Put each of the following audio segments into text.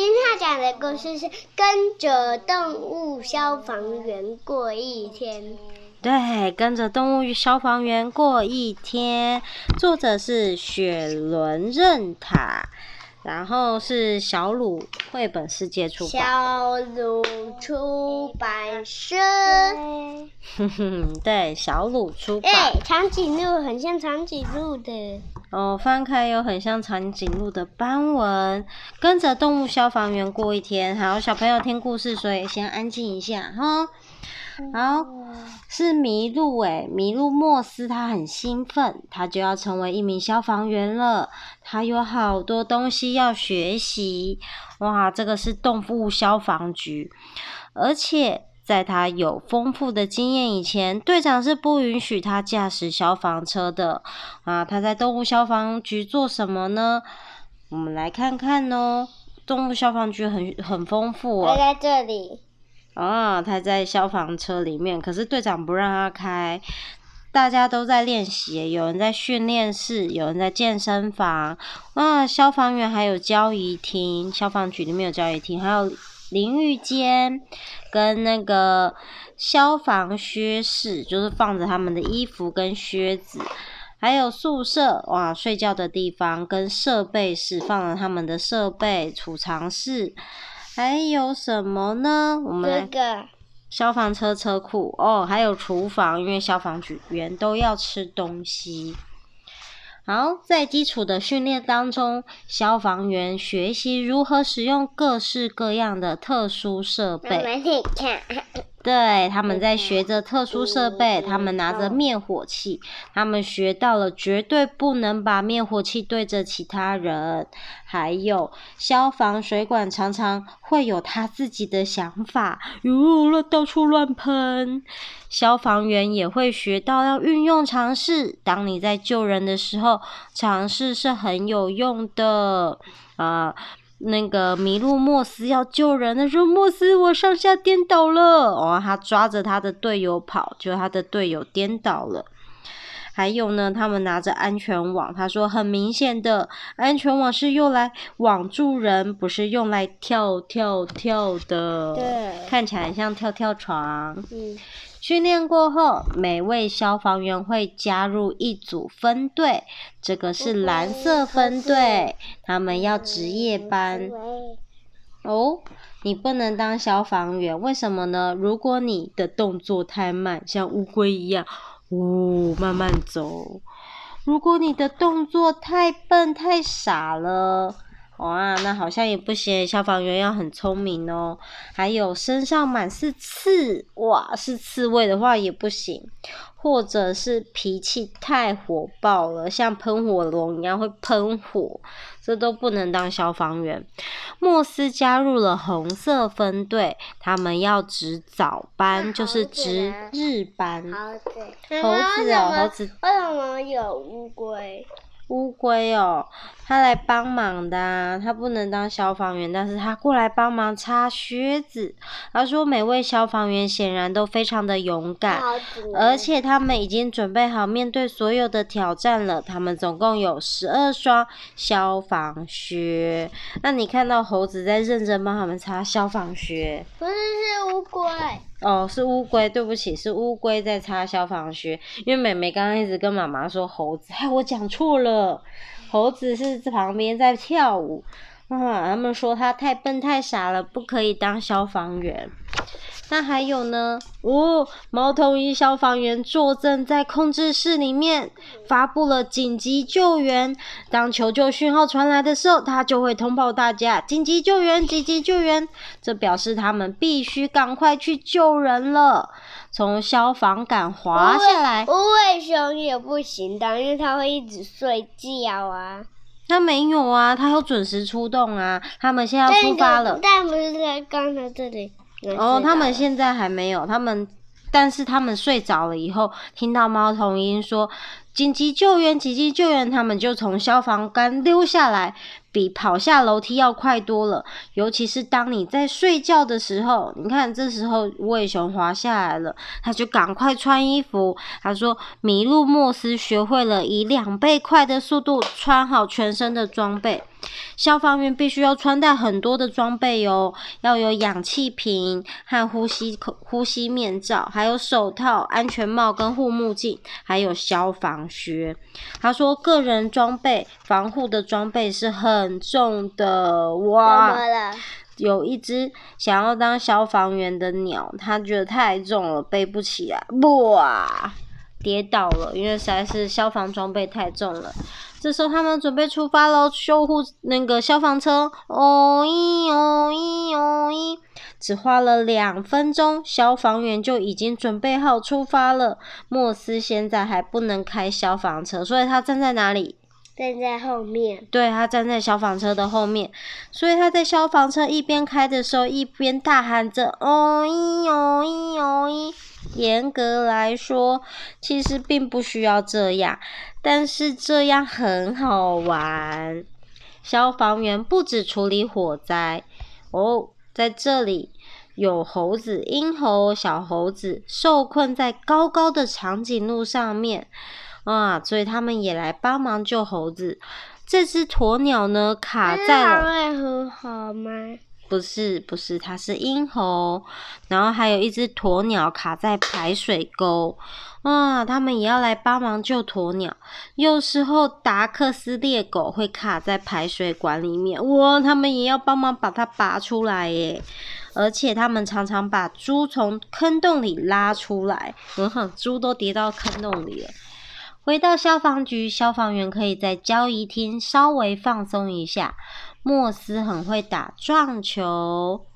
今天要講的故事是《跟着動物消防員過一天》。對，跟着動物消防員過一天，作者是雪倫任塔，然後是小魯繪本世界出版。小魯出版社。哼哼，對，小魯出版。哎，長頸鹿很像長頸鹿的。哦，翻開有很像長頸鹿的斑紋，跟着動物消防員過一天。好，小朋友聽故事，所以先安靜一下哈。好，是麋鹿誒，麋鹿莫斯他很興奮，他就要成為一名消防員了，他有好多東西要學習。哇，這個是動物消防局，而且。在他有豐富的經驗以前，隊長是不允許他駕駛消防車的啊！他在動物消防局做什麼呢？我們來看看哦。動物消防局很很豐富喔。他在這裡。啊，他在消防車裡面，可是隊長不讓他開。大家都在練習，有人在訓練室，有人在健身房。啊，消防員還有交誼廳，消防局裡面有交誼廳，還有。淋浴間跟那個消防靴室，就是放着他們的衣服跟靴子，還有宿舍哇，睡覺的地方跟設備室放着他們的設備儲藏室，還有什麼呢？我們那個消防車車庫哦，還有廚房，因為消防局員都要吃東西。好，在基礎的訓練當中，消防員學習如何使用各式各樣的特殊設備。媽媽 對，他們在學着特殊設備，嗯嗯嗯、他們拿着滅火器，他們學到了絕對不能把滅火器對着其他人，還有消防水管常常會有他自己的想法，喲，到處亂噴。消防員也會學到要運用嘗試，當你在救人的時候，嘗試是很有用的啊。呃那個麋鹿莫斯要救人的時候，莫斯：“我上下顛倒了。”哦，他抓着他的隊友跑，就他的隊友顛倒了。還有呢，他們拿着安全網，他說：“很明顯的，安全網是用來網住人，不是用來跳跳跳的。”對，看起來很像跳跳床。嗯。訓練過後，每位消防員會加入一組分隊。這個是藍色分隊，他們要值夜班。哦，你不能當消防員，為什麼呢？如果你的動作太慢，像烏龜一樣，嗚、哦，慢慢走。如果你的動作太笨、太傻了。哇、哦啊，那好像也不行。消防員要很聰明哦，還有身上滿是刺，哇，是刺蝟的話也不行，或者是脾氣太火爆了，像噴火龍一樣會噴火，這都不能當消防員。莫斯加入了紅色分隊，他們要值早班，就是值日班好、okay。猴子哦，嗯、猴子。為什麼有烏龜？烏龜哦。他來幫忙的啊，他不能當消防員，但是他過來幫忙擦靴子。他說，每位消防員顯然都非常的勇敢，而且他們已經準備好面對所有的挑戰了。他們總共有十二雙消防靴。那你看到猴子在認真幫他們擦消防靴。不是，是烏龜。哦，是烏龜。對不起，是烏龜在擦消防靴。因為妹妹剛剛一直跟媽媽說猴子，哎，我講錯了。猴子是旁邊在跳舞，啊、嗯，他們說他太笨太傻了，不可以當消防員。那還有呢？哦，貓頭鷹消防員坐鎮在控制室裡面，發布了緊急救援。當求救訊號傳來的時候，他就會通報大家：緊急救援，緊急救援。這表示他們必須趕快去救人了。從消防桿，滑下來，無尾熊也不行的，因為它會一直睡覺啊。那沒有啊，他要準時出動啊。他們現在出發了，但不是在剛才這裡。哦，他們現在還沒有。他們，但是他們睡着了以後，聽到貓頭鷹說“緊急救援，緊急救援”，他們就從消防杆溜下來，比跑下樓梯要快多了。尤其是當你在睡覺的時候，你看這時候，無尾熊滑下來了，他就趕快穿衣服。他說，麋鹿莫斯學會了以兩倍快的速度穿好全身的裝備。消防員必須要穿戴很多的裝備喲、哦，要有氧氣瓶和呼吸口、呼吸面罩，還有手套、安全帽跟護目鏡，還有消防靴。他說，個人裝備防護的裝備是很重的，哇！有一隻想要當消防員的鳥，他覺得太重了，背不起來，哇！跌倒了，因為實在是消防裝備太重了。這時候他們準備出發嘍修護那個消防車，哦咦哦咦哦咦，只花了兩分鐘，消防員就已經準備好出發了。莫斯現在還不能開消防車，所以他站在哪裡？站在後面，對，他站在消防車的後面，所以他在消防車一邊開的時候，一邊大喊着“哦咦，哦咦，哦咦。”嚴格來說，其實並不需要這樣，但是這樣很好玩。消防員不止處理火災，哦，在這裡有猴子，嬰猴，小猴子受困在高高的長頸鹿上面。啊，所以他們也來幫忙救猴子。這隻鴕鳥呢，卡在了。它會很好嗎？不是，不是，它是嬰猴。然後還有一隻鴕鳥卡在排水溝。啊，他們也要來幫忙救鴕鳥。有時候達克斯獵狗會卡在排水管裡面，哇！他們也要幫忙把它拔出來耶。而且他們常常把豬從坑洞裡拉出來。嗯哼，豬都跌到坑洞裡了。回到消防局，消防員可以在交誼廳，稍微放鬆一下。莫斯很會打撞球，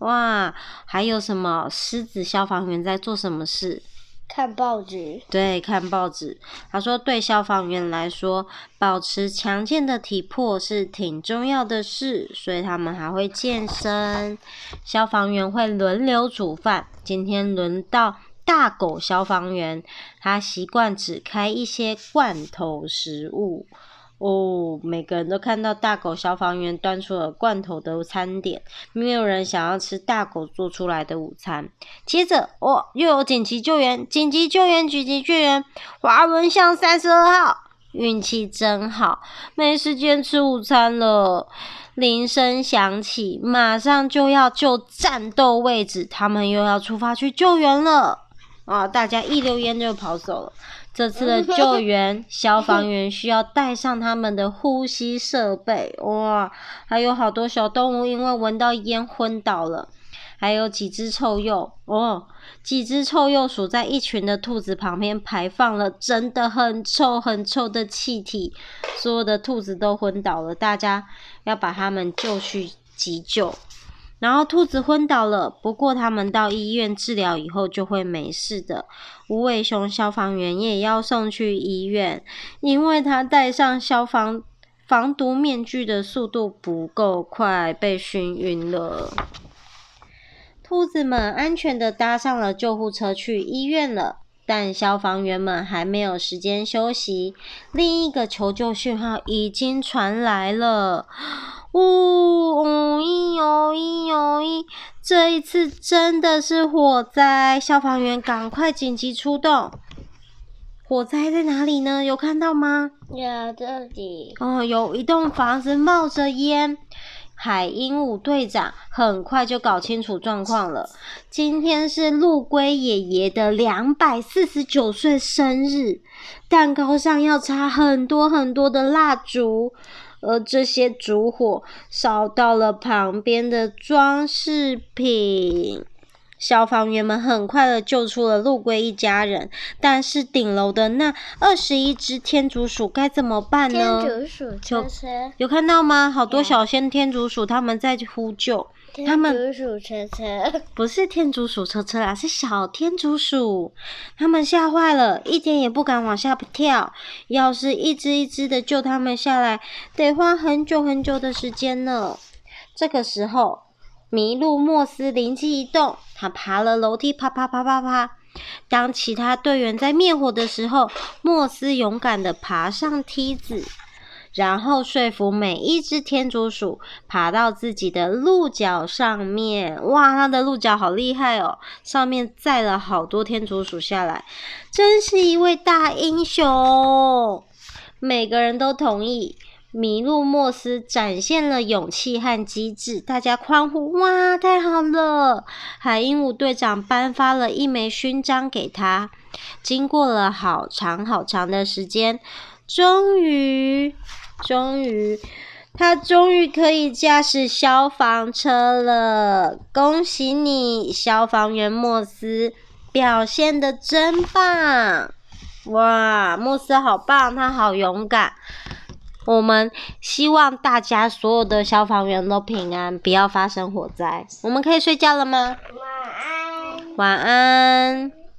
哇！還有什麼？獅子消防員在做什麼事？看報紙。對，看報紙。他說，對消防員來說，保持強健的體魄是挺重要的事，所以他們還會健身。消防員會輪流煮飯，今天輪到。大狗消防員，他習慣只開一些罐頭食物哦。每個人都看到大狗消防員端出了罐頭的餐點，沒有人想要吃大狗做出來的午餐。接着，哇、哦，又有緊急救援！緊急救援！緊急救援！華文巷三十二號，運氣真好，沒時間吃午餐了。鈴聲響起，馬上就要就戰鬥位置，他們又要出發去救援了。啊、哦！大家一溜煙就跑走了。這次的救援，消防員需要帶上他們的呼吸設備。哇，還有好多小動物因為聞到煙昏倒了。還有幾隻臭鼬，哦，幾隻臭鼬鼠在一群的兔子旁邊排放了真的很臭很臭的氣體，所有的兔子都昏倒了。大家要把它們救去急救。然後兔子昏倒了，不過他們到醫院治療以後就會沒事的。無尾熊消防員也要送去醫院，因為他戴上消防防毒面具的速度不夠快，被燻暈了。兔子們安全地搭上了救護車去醫院了，但消防員們還沒有時間休息。另一個求救訊號已經傳來了。嗚！咦呦咦呦咦，這一次真的是火災，消防員趕快緊急出動。火災在哪裡呢？有看到嗎？呀，這裡。哦，有一棟房子冒着煙。海鸚鵡隊長很快就搞清楚狀況了。今天是陸龜爺爺的兩百四十九歲生日，蛋糕上要插很多很多的蠟燭。而這些燭火燒到了旁邊的裝飾品，消防員們很快的救出了陸龜一家人，但是頂樓的那二十一隻天竺鼠該怎麼辦呢？天竺鼠、就是、有，有看到嗎？好多小仙天竺鼠他們在呼救。他們不是天竺鼠車車，不是天竺鼠車車啊，是小天竺鼠。他們嚇壞了，一點也不敢往下跳。要是一隻一隻的救他們下來，得花很久很久的時間呢。這個時候，麋鹿莫斯靈機一動，他爬了樓梯，啪啪啪啪啪啪。當其他隊員在滅火的時候，莫斯勇敢的爬上梯子。然後說服每一隻天竺鼠爬到自己的鹿角上面。哇，他的鹿角好厲害哦，上面載了好多天竺鼠下來，真是一位大英雄。每個人都同意，麋鹿莫斯展現了勇氣和機智，大家歡呼。哇，太好了！海鸚鵡隊長頒發了一枚勳章給他。經過了好長好長的時間，終於。終於，他終於可以駕駛消防車了！恭喜你，消防員莫斯，表現得真棒！哇，莫斯好棒，他好勇敢。我們希望大家所有的消防員都平安，不要發生火災。我們可以睡覺了嗎？晚安。晚安。